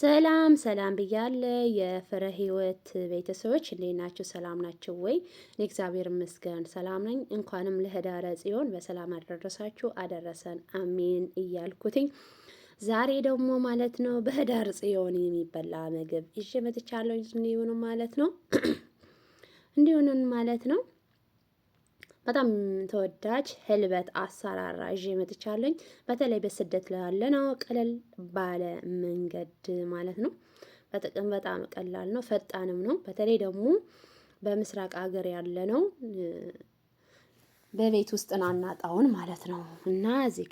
ሰላም ሰላም ብያለ የፍሬ ህይወት ቤተሰቦች እንዴት ናችሁ? ሰላም ናችሁ ወይ? እኔ እግዚአብሔር ይመስገን ሰላም ነኝ። እንኳንም ለህዳረ ጽዮን በሰላም አደረሳችሁ አደረሰን፣ አሜን እያልኩትኝ ዛሬ ደግሞ ማለት ነው በህዳር ጽዮን የሚበላ ምግብ ይዤ መጥቻለሁ። እንዲሆንም ማለት ነው እንዲሆንም ማለት ነው በጣም ተወዳጅ ህልበት አሰራር ይዤ መጥቻለኝ። በተለይ በስደት ላለ ነው ቀለል ባለ መንገድ ማለት ነው። በጥቅም በጣም ቀላል ነው፣ ፈጣንም ነው። በተለይ ደግሞ በምስራቅ ሀገር ያለ ነው በቤት ውስጥ ናናጣውን ማለት ነው። እና እዚህ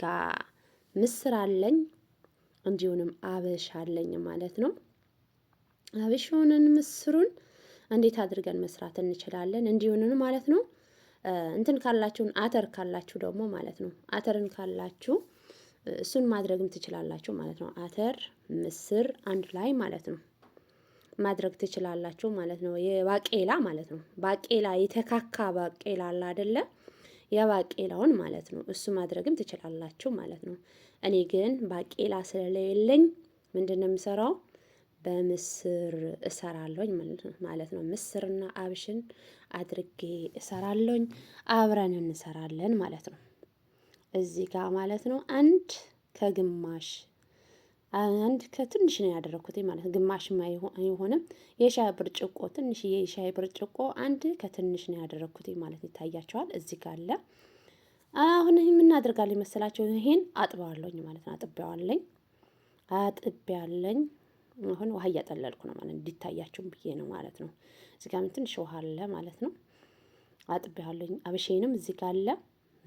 ምስር አለኝ እንዲሁንም አብሽ አለኝ ማለት ነው። አብሽ ምስሩን እንዴት አድርገን መስራት እንችላለን እንዲሁንን ማለት ነው እንትን ካላችሁን አተር ካላችሁ ደግሞ ማለት ነው አተርን ካላችሁ እሱን ማድረግም ትችላላችሁ ማለት ነው። አተር ምስር አንድ ላይ ማለት ነው ማድረግ ትችላላችሁ ማለት ነው። የባቄላ ማለት ነው ባቄላ የተካካ ባቄላ አለ አይደለ? የባቄላውን ማለት ነው እሱ ማድረግም ትችላላችሁ ማለት ነው። እኔ ግን ባቄላ ስለሌለኝ ምንድን ነው የምሰራው? በምስር እሰራለሁኝ ማለት ነው። ምስርና አብሽን አድርጌ እሰራለሁኝ አብረን እንሰራለን ማለት ነው። እዚህ ጋር ማለት ነው አንድ ከግማሽ አንድ ከትንሽ ነው ያደረኩት ማለት ግማሽ አይሆንም። የሻይ ብርጭቆ ትንሽ የሻይ ብርጭቆ አንድ ከትንሽ ነው ያደረኩት ማለት ነው። ይታያቸዋል እዚህ ጋር አለ። አሁን ይሄ ምን አደርጋለሁ ይሄን አጥበዋለሁኝ ማለት ነው። አጥቤዋለኝ አጥቤያለኝ አሁን ውሃ እያጠለልኩ ነው ማለት እንዲታያችሁም ብዬ ነው ማለት ነው። እዚህ ጋር ትንሽ ውሃ አለ ማለት ነው። አጥቤዋለሁ። አብሼንም እዚህ ጋር አለ፣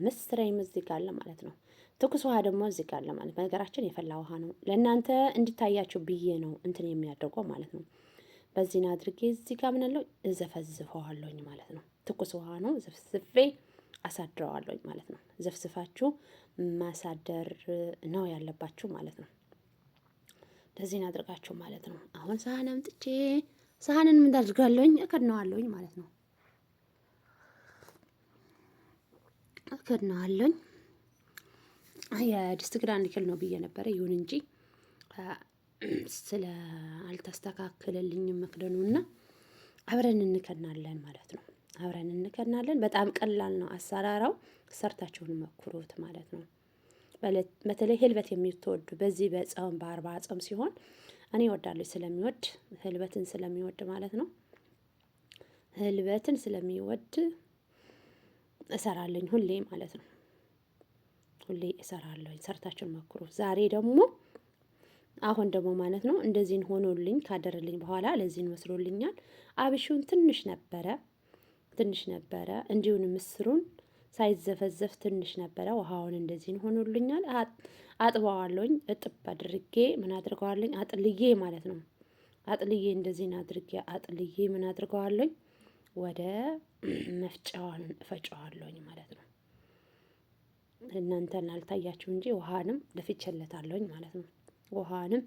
ምስሬም እዚህ ጋር አለ ማለት ነው። ትኩስ ውሃ ደግሞ እዚህ ጋር አለ ማለት በነገራችን የፈላ ውሃ ነው። ለእናንተ እንዲታያቸው ብዬ ነው እንትን የሚያደርገው ማለት ነው። በዚህን አድርጌ እዚህ ጋ ምንለው እዘፈዝፈዋለሁኝ ማለት ነው። ትኩስ ውሃ ነው። ዘፍዝፌ አሳድረዋለሁኝ ማለት ነው። ዘፍዝፋችሁ ማሳደር ነው ያለባችሁ ማለት ነው። እንደዚህ አድርጋችሁ ማለት ነው። አሁን ሳህን አምጥቼ ሳህንን ምን አድርጋለሁኝ እከድነዋለሁኝ ማለት ነው። እከድነዋለሁኝ የድስት ግራንድ ክል ነው ብዬ ነበረ። ይሁን እንጂ ስለ አልተስተካከለልኝም መክደኑና አብረን እንከድናለን ማለት ነው። አብረን እንከድናለን። በጣም ቀላል ነው አሰራራው። ሰርታችሁን መኩሩት ማለት ነው። በተለይ ህልበት የምትወዱ በዚህ በጾም በአርባ ጾም ሲሆን እኔ እወዳለሁ ስለሚወድ ህልበትን ስለሚወድ ማለት ነው። ህልበትን ስለሚወድ እሰራለኝ ሁሌ ማለት ነው። ሁሌ እሰራለኝ። ሰርታችሁን ሞክሩ። ዛሬ ደግሞ አሁን ደግሞ ማለት ነው እንደዚህን ሆኖልኝ ካደረልኝ በኋላ ለዚህን መስሎልኛል። አብሹን ትንሽ ነበረ ትንሽ ነበረ እንዲሁን ምስሩን ሳይዘፈዘፍ ትንሽ ነበረ። ውሃውን እንደዚህ ሆኖልኛል። አጥበዋለኝ። እጥብ አድርጌ ምን አድርገዋለኝ? አጥልዬ ማለት ነው። አጥልዬ እንደዚህን አድርጌ አጥልዬ ምን አድርገዋለኝ? ወደ መፍጫዋን እፈጫዋለኝ ማለት ነው። እናንተን አልታያችሁ እንጂ ውሃንም ደፍቼለታለሁኝ ማለት ነው። ውሃንም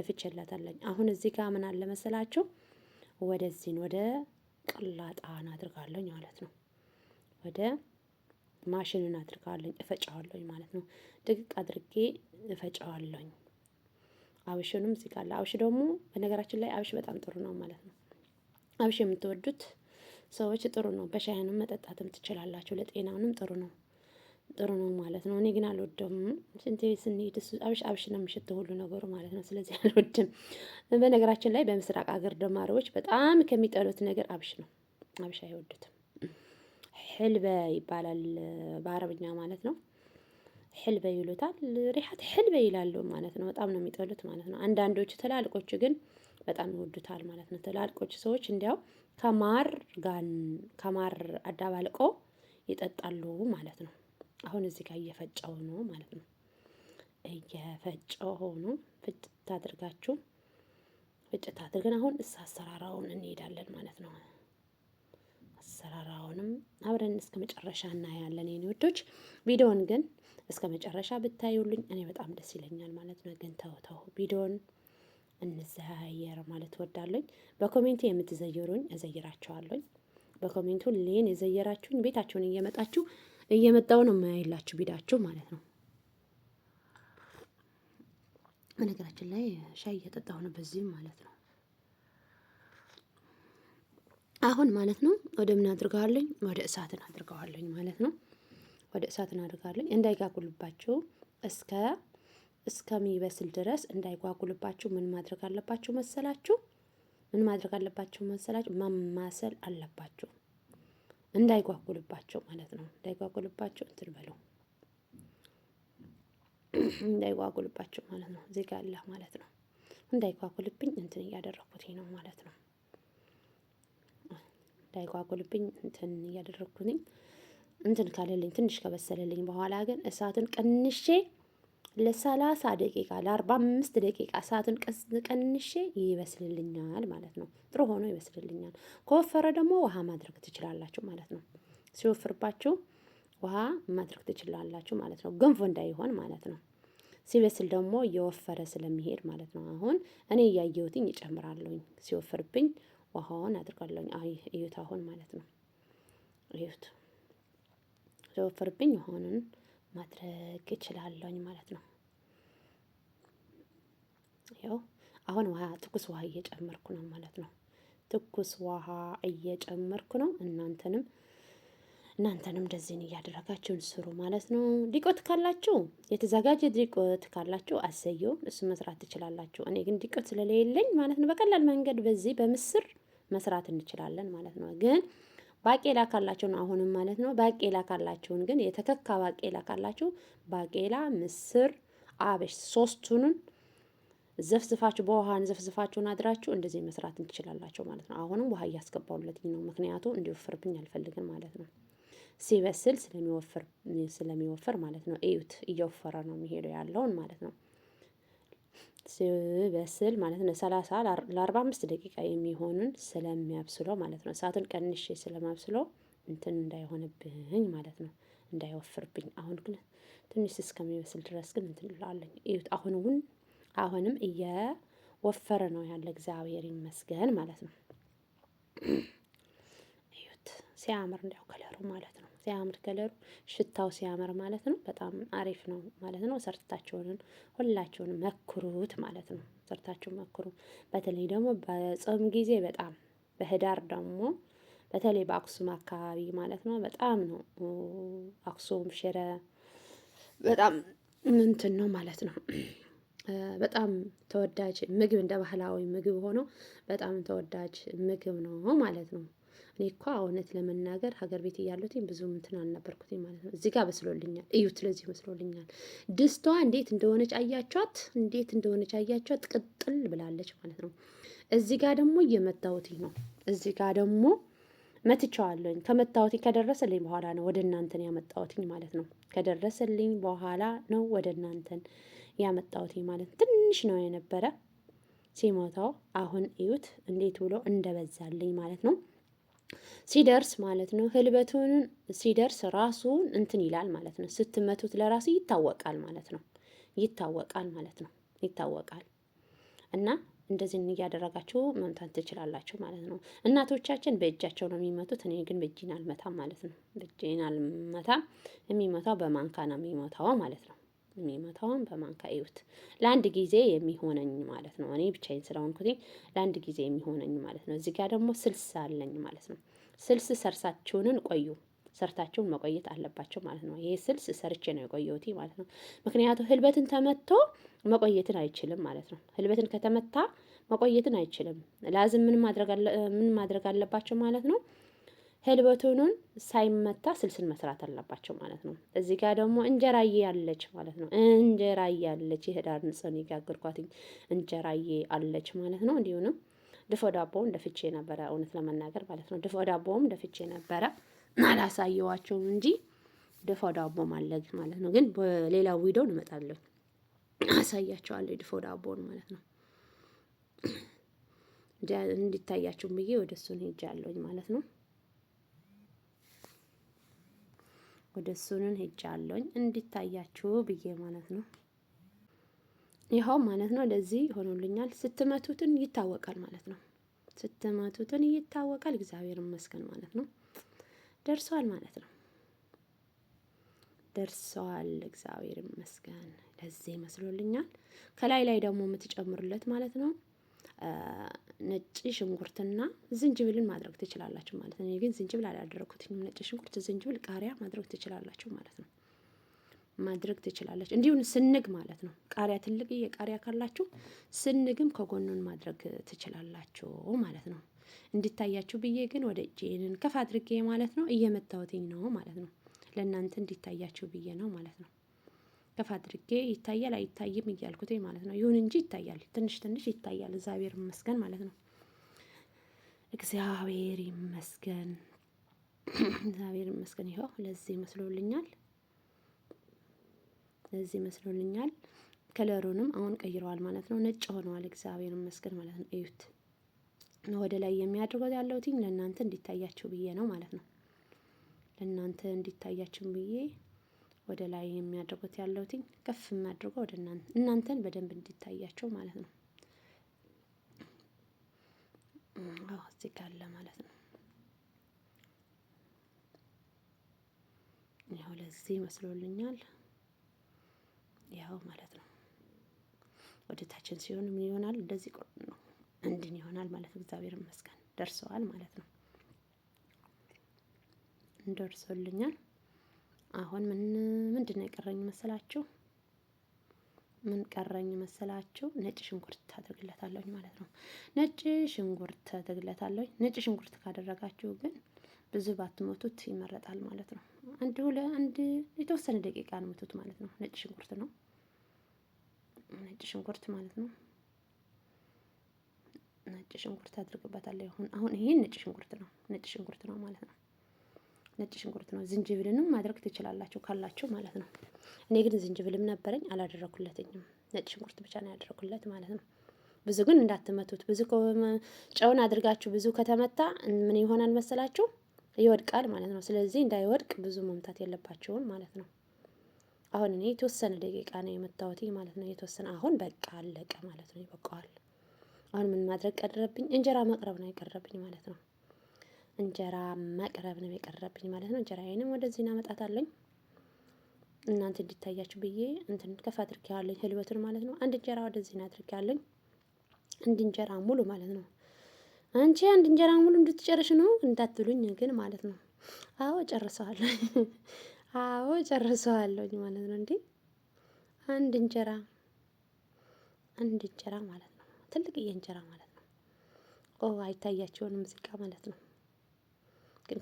ደፍቼለታለኝ። አሁን እዚህ ጋር ምን አለ መሰላችሁ? ወደዚህን ወደ ቅላጣን አድርጋለኝ ማለት ነው። ወደ ማሽንን አድርጋለኝ እፈጫዋለኝ ማለት ነው። ድቅቅ አድርጌ እፈጫዋለኝ። አብሽንም እዚህ አብሽ ደግሞ በነገራችን ላይ አብሽ በጣም ጥሩ ነው ማለት ነው። አብሽ የምትወዱት ሰዎች ጥሩ ነው። በሻይንም መጠጣትም ትችላላችሁ። ለጤናንም ጥሩ ነው ጥሩ ነው ማለት ነው። እኔ ግን አልወደም። ሽንት ቤት አብሽ አብሽ ነው የሚሸተው ሁሉ ነገሩ ማለት ነው። ስለዚህ አልወድም። በነገራችን ላይ በምስራቅ ሀገር ደማሪዎች በጣም ከሚጠሉት ነገር አብሽ ነው። አብሽ አይወዱትም። ሕልበ ይባላል በአረብኛ ማለት ነው። ሕልበ ይሉታል ሪሓት ሕልበ ይላሉ ማለት ነው። በጣም ነው የሚጠሉት ማለት ነው። አንዳንዶቹ ትላልቆቹ ግን በጣም ይወዱታል ማለት ነው። ትላልቆቹ ሰዎች እንዲያው ከማር ጋን ከማር አዳባልቆ ይጠጣሉ ማለት ነው። አሁን እዚህ ጋር እየፈጨው ነው ማለት ነው። እየፈጨው ነው ፍጭት አድርጋችሁ ፍጭት አድርገን አሁን እሳ አሰራራውን እንሄዳለን ማለት ነው። አሰራር አሁንም አብረን እስከ መጨረሻ እናያለን የኔ ውዶች። ቪዲዮን ግን እስከ መጨረሻ ብታዩልኝ እኔ በጣም ደስ ይለኛል ማለት ነው። ግን ተው ተው ቪዲዮን እንዘያየር ማለት ወዳለኝ። በኮሜንት የምትዘይሩኝ እዘይራቸዋለኝ። በኮሜንቱ ሌን የዘየራችሁኝ ቤታችሁን እየመጣችሁ እየመጣው ነው የማያይላችሁ ቢዳችሁ ማለት ነው። በነገራችን ላይ ሻይ እየጠጣሁ ነው በዚህም ማለት ነው። አሁን ማለት ነው ወደ ምን አድርገዋለኝ? ወደ እሳትን አድርገዋለኝ ማለት ነው። ወደ እሳትን አድርገዋለኝ እንዳይጋጉልባቸው እስከ እስከሚበስል ድረስ እንዳይጓጉልባችሁ ምን ማድረግ አለባችሁ መሰላችሁ? ምን ማድረግ አለባችሁ መሰላችሁ? ማማሰል አለባችሁ እንዳይጓጉልባቸው ማለት ነው። እንዳይጓጉልባቸው እንትን በሉ እንዳይጓጉልባቸው ማለት ነው። ዜጋ አለ ማለት ነው። እንዳይጓጉልብኝ እንትን እያደረኩት ነው ማለት ነው። እንዳይጓጉልብኝ እንትን እያደረግኩኝ እንትን ካለልኝ ትንሽ ከበሰለልኝ በኋላ ግን እሳቱን ቀንሼ ለሰላሳ ደቂቃ ለአርባ አምስት ደቂቃ እሳቱን ቀንሼ ይበስልልኛል ማለት ነው። ጥሩ ሆኖ ይበስልልኛል። ከወፈረ ደግሞ ውሃ ማድረግ ትችላላችሁ ማለት ነው። ሲወፍርባችሁ ውሃ ማድረግ ትችላላችሁ ማለት ነው። ገንፎ እንዳይሆን ማለት ነው። ሲበስል ደግሞ እየወፈረ ስለሚሄድ ማለት ነው። አሁን እኔ እያየሁትኝ ይጨምራለሁኝ ሲወፍርብኝ ውሃውን አድርጋለሁኝ። አይ እዩት፣ አሁን ማለት ነው እዩት፣ ሲወፍርብኝ ውሃውን ማድረግ ይችላለሁኝ ማለት ነው። ያው አሁን ውሃ ትኩስ ውሃ እየጨመርኩ ነው ማለት ነው። ትኩስ ውሃ እየጨመርኩ ነው። እናንተንም እናንተንም እንደዚህን እያደረጋችሁን ስሩ ማለት ነው። ዲቆት ካላችሁ የተዘጋጀ ዲቆት ካላችሁ አሰየው እሱ መስራት ትችላላችሁ። እኔ ግን ዲቆት ስለሌለኝ ማለት ነው በቀላል መንገድ በዚህ በምስር መስራት እንችላለን ማለት ነው። ግን ባቄላ ካላችሁ ነው አሁንም ማለት ነው። ባቄላ ካላችሁን ግን የተከካ ባቄላ ካላችሁ ባቄላ፣ ምስር፣ አብሽ ሶስቱንም ዘፍዝፋችሁ በውሃን ዘፍዝፋችሁን አድራችሁ እንደዚህ መስራት ትችላላችሁ ማለት ነው። አሁንም ውሃ እያስገባሁለት ነው፣ ምክንያቱ እንዲወፍርብኝ አልፈልግም ማለት ነው። ሲበስል ስለሚወፍር ስለሚወፍር ማለት ነው። እዩት፣ እየወፈረ ነው የሚሄደው ያለውን ማለት ነው። ሲበስል ማለት ነው ሰላሳ ለአርባ አምስት ደቂቃ የሚሆኑን ስለሚያብስለው ማለት ነው። እሳቱን ቀንሼ ስለማብስለው እንትን እንዳይሆንብኝ ማለት ነው እንዳይወፍርብኝ። አሁን ግን ትንሽ እስከሚበስል ድረስ ግን እንትን እላለሁ። እዩት። አሁን አሁንም እየወፈረ ነው ያለ እግዚአብሔር ይመስገን ማለት ነው። እዩት ሲያምር እንዲያው ከለሩ ማለት ነው። ሲያምር ከለሩ ሽታው ሲያምር ማለት ነው። በጣም አሪፍ ነው ማለት ነው። ሰርታችሁንን ሁላችሁን መክሩት ማለት ነው። ሰርታችሁ መክሩ። በተለይ ደግሞ በጾም ጊዜ በጣም በህዳር ደግሞ በተለይ በአክሱም አካባቢ ማለት ነው። በጣም ነው አክሱም ሽረ በጣም እንትን ነው ማለት ነው። በጣም ተወዳጅ ምግብ እንደ ባህላዊ ምግብ ሆኖ በጣም ተወዳጅ ምግብ ነው ማለት ነው። እኔ እኮ እውነት ለመናገር ሀገር ቤት እያለሁትኝ ብዙ እንትን አልነበርኩትኝ ማለት ነው። እዚህ ጋር በስሎልኛል እዩት ለዚህ መስሎልኛል። ድስቷ እንዴት እንደሆነች አያችኋት እንዴት እንደሆነች አያችኋት ቅጥል ብላለች ማለት ነው። እዚህ ጋር ደግሞ እየመታወትኝ ነው እዚህ ጋር ደግሞ መትቸዋለኝ። ከመታወትኝ ከደረሰልኝ በኋላ ነው ወደ እናንተን ያመጣወትኝ ማለት ነው። ከደረሰልኝ በኋላ ነው ወደ እናንተን ያመጣሁት ማለት ትንሽ ነው የነበረ። ሲሞታው አሁን እዩት እንዴት ብሎ እንደበዛልኝ ማለት ነው። ሲደርስ ማለት ነው ህልበቱን ሲደርስ ራሱን እንትን ይላል ማለት ነው። ስትመቱት ለራሱ ይታወቃል ማለት ነው። ይታወቃል ማለት ነው። ይታወቃል እና እንደዚህ እያደረጋችሁ መምታት ትችላላችሁ ማለት ነው። እናቶቻችን በእጃቸው ነው የሚመቱት። እኔ ግን በእጅን አልመታም ማለት ነው። በእጅን አልመታም። የሚመታው በማንካ ነው የሚመታው ማለት ነው። የሚመታውን በማንካ እዩት። ለአንድ ጊዜ የሚሆነኝ ማለት ነው። እኔ ብቻዬን ስለሆንኩኝ ለአንድ ጊዜ የሚሆነኝ ማለት ነው። እዚህ ጋር ደግሞ ስልስ አለኝ ማለት ነው። ስልስ ሰርሳችሁንን ቆዩ ሰርታችሁን መቆየት አለባቸው ማለት ነው። ይሄ ስልስ ሰርቼ ነው የቆየሁት ማለት ነው። ምክንያቱ ህልበትን ተመቶ መቆየትን አይችልም ማለት ነው። ህልበትን ከተመታ መቆየትን አይችልም። ላዝም ምን ማድረግ አለባቸው ማለት ነው ህልበቱኑን ሳይመታ ስልስል መስራት አለባቸው ማለት ነው። እዚህ ጋር ደግሞ እንጀራዬ አለች ማለት ነው። እንጀራዬ አለች የህዳር ንጽህን የጋገርኳትኝ እንጀራዬ አለች ማለት ነው። እንዲሁንም ድፎ ዳቦውን ደፍቼ ነበረ እውነት ለመናገር ማለት ነው። ድፎ ዳቦውም ደፍቼ ነበረ አላሳየዋቸውም እንጂ ድፎ ዳቦ ማለግ ማለት ነው። ግን በሌላ ቪዲዮ እንመጣለሁ አሳያቸዋለሁ ድፎ ዳቦን ማለት ነው። እንዲታያችሁ ብዬ ወደ እሱን ሄጃለሁኝ ማለት ነው። ወደ እሱንን ሄጃ አለውኝ እንዲታያችሁ ብዬ ማለት ነው። ይኸው ማለት ነው እንደዚህ ሆኖልኛል። ስትመቱትን ይታወቃል ማለት ነው። ስትመቱትን ይታወቃል። እግዚአብሔር ይመስገን ማለት ነው። ደርሷል ማለት ነው። ደርሷል። እግዚአብሔር ይመስገን። ለዚህ ይመስሎልኛል። ከላይ ላይ ደግሞ የምትጨምሩለት ማለት ነው ነጭ ሽንኩርትና ዝንጅብልን ማድረግ ትችላላችሁ ማለት ነው። ግን ዝንጅብል አላደረግኩትኝም። ነጭ ሽንኩርት፣ ዝንጅብል፣ ቃሪያ ማድረግ ትችላላችሁ ማለት ነው። ማድረግ ትችላላችሁ። እንዲሁም ስንግ ማለት ነው። ቃሪያ ትልቅ የቃሪያ ካላችሁ ስንግም ከጎኑን ማድረግ ትችላላችሁ ማለት ነው። እንዲታያችሁ ብዬ ግን ወደ እጄንን ከፍ አድርጌ ማለት ነው እየመታወትኝ ነው ማለት ነው። ለእናንተ እንዲታያችሁ ብዬ ነው ማለት ነው። ከፍ አድርጌ ይታያል አይታይም እያልኩት ማለት ነው። ይሁን እንጂ ይታያል፣ ትንሽ ትንሽ ይታያል። እግዚአብሔር ይመስገን ማለት ነው። እግዚአብሔር ይመስገን፣ እግዚአብሔር ይመስገን። ይኸው ለዚህ ይመስሎልኛል፣ ለዚህ ይመስሎልኛል። ከለሩንም አሁን ቀይረዋል ማለት ነው። ነጭ ሆነዋል። እግዚአብሔር ይመስገን ማለት ነው። እዩት። ወደ ላይ የሚያድርገው ያለሁትኝ ለእናንተ እንዲታያችሁ ብዬ ነው ማለት ነው። ለእናንተ እንዲታያችሁ ብዬ ወደ ላይ የሚያደርጉት ያለውትኝ ከፍ የሚያደርገው ወደ እናንተ እናንተን በደንብ እንዲታያቸው ማለት ነው። አዎ እዚህ ካለ ማለት ነው። ያው ለዚህ ይመስሎልኛል። ያው ማለት ነው ወደ ታችን ሲሆን ምን ይሆናል? እንደዚህ ቁርጥ ነው እንድን ይሆናል ማለት ነው። እግዚአብሔር ይመስገን ደርሰዋል ማለት ነው። እንደርሶልኛል አሁን ምን ምንድን ነው የቀረኝ መሰላችሁ? ምን ቀረኝ መሰላችሁ? ነጭ ሽንኩርት ታደርግለታለሁ ማለት ነው። ነጭ ሽንኩርት ታደርግለታለሁ። ነጭ ሽንኩርት ካደረጋችሁ ግን ብዙ ባትሞቱት ይመረጣል ማለት ነው። አንድ ሁለ አንድ የተወሰነ ደቂቃ ነው ንሞቱት ማለት ነው። ነጭ ሽንኩርት ነው ነጭ ሽንኩርት ማለት ነው። ነጭ ሽንኩርት አድርግበታለሁ። አሁን ይሄን ነጭ ሽንኩርት ነው ነጭ ሽንኩርት ነው ማለት ነው። ነጭ ሽንኩርት ነው። ዝንጅብልንም ማድረግ ትችላላችሁ ካላችሁ ማለት ነው። እኔ ግን ዝንጅብልም ነበረኝ አላደረኩለትኝም። ነጭ ሽንኩርት ብቻ ነው ያደረኩለት ማለት ነው። ብዙ ግን እንዳትመቱት። ብዙ ጨውን አድርጋችሁ ብዙ ከተመታ ምን ይሆናል መሰላችሁ? ይወድቃል ማለት ነው። ስለዚህ እንዳይወድቅ ብዙ መምታት የለባችሁም ማለት ነው። አሁን እኔ የተወሰነ ደቂቃ ነው የመታወት ማለት ነው። የተወሰነ አሁን በቃ አለቀ ማለት ነው። ይበቃዋል። አሁን ምን ማድረግ ቀረብኝ? እንጀራ መቅረብ ነው የቀረብኝ ማለት ነው። እንጀራ መቅረብ ነው የቀረብኝ ማለት ነው። እንጀራዬንም ወደዚህ እናመጣታለኝ እናንተ እንዲታያችሁ ብዬ እንትን ከፍ አድርጌዋለኝ ህልበቱን ማለት ነው። አንድ እንጀራ ወደዚህ ነው አድርጌዋለኝ። አንድ እንጀራ ሙሉ ማለት ነው። አንቺ አንድ እንጀራ ሙሉ እንድትጨርሽ ነው እንዳትሉኝ ግን ማለት ነው። አዎ ጨርሰዋለሁ። አዎ ጨርሰዋለሁኝ ማለት ነው። እንዴ አንድ እንጀራ አንድ እንጀራ ማለት ነው። ትልቅዬ እንጀራ ማለት ነው። ኦ አይታያችሁንም ሙዚቃ ማለት ነው። ግን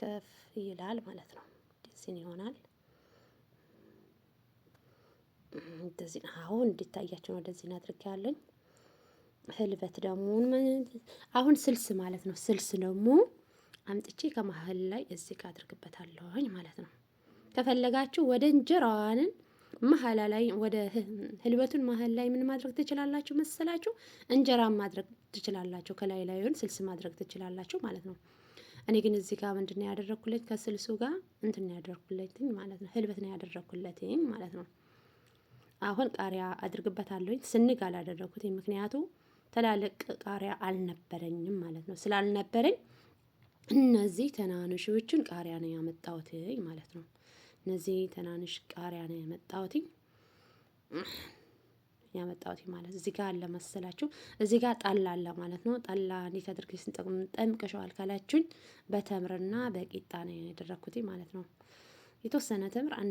ከፍ ይላል ማለት ነው። ደዚን ይሆናል እንደዚህ አሁን እንዲታያቸው ነው። ደዚህን አድርጌ ያለኝ ህልበት ደግሞ አሁን ስልስ ማለት ነው። ስልስ ደግሞ አምጥቼ ከመሀል ላይ እዚህ ጋር አድርግበታለሁኝ ማለት ነው። ከፈለጋችሁ ወደ እንጀራዋንን መሀላ ላይ ወደ ህልበቱን መሀል ላይ ምን ማድረግ ትችላላችሁ መሰላችሁ? እንጀራ ማድረግ ትችላላችሁ። ከላይ ላዩን ስልስ ማድረግ ትችላላችሁ ማለት ነው። እኔ ግን እዚህ ጋር ምንድን ነው ያደረግኩለት ከስልሱ ጋር እንትን ነው ያደረግኩለትኝ ማለት ነው። ህልበት ነው ያደረግኩለትኝ ማለት ነው። አሁን ቃሪያ አድርግበታለሁኝ። ስንግ አላደረግኩትኝ፣ ምክንያቱ ትላልቅ ቃሪያ አልነበረኝም ማለት ነው። ስላልነበረኝ እነዚህ ትናንሾቹን ቃሪያ ነው ያመጣሁትኝ ማለት ነው። እነዚህ ትናንሽ ቃሪያ ነው ያመጣሁትኝ። ያመጣሁት ማለት እዚህ ጋር አለ መሰላችሁ። እዚህ ጋር ጠላ አለ ማለት ነው። ጠላ እንዴት አድርገሽ ጠምቅሸዋል ካላችሁኝ በተምርና በቂጣ ነው ያደረግኩት ማለት ነው። የተወሰነ ተምር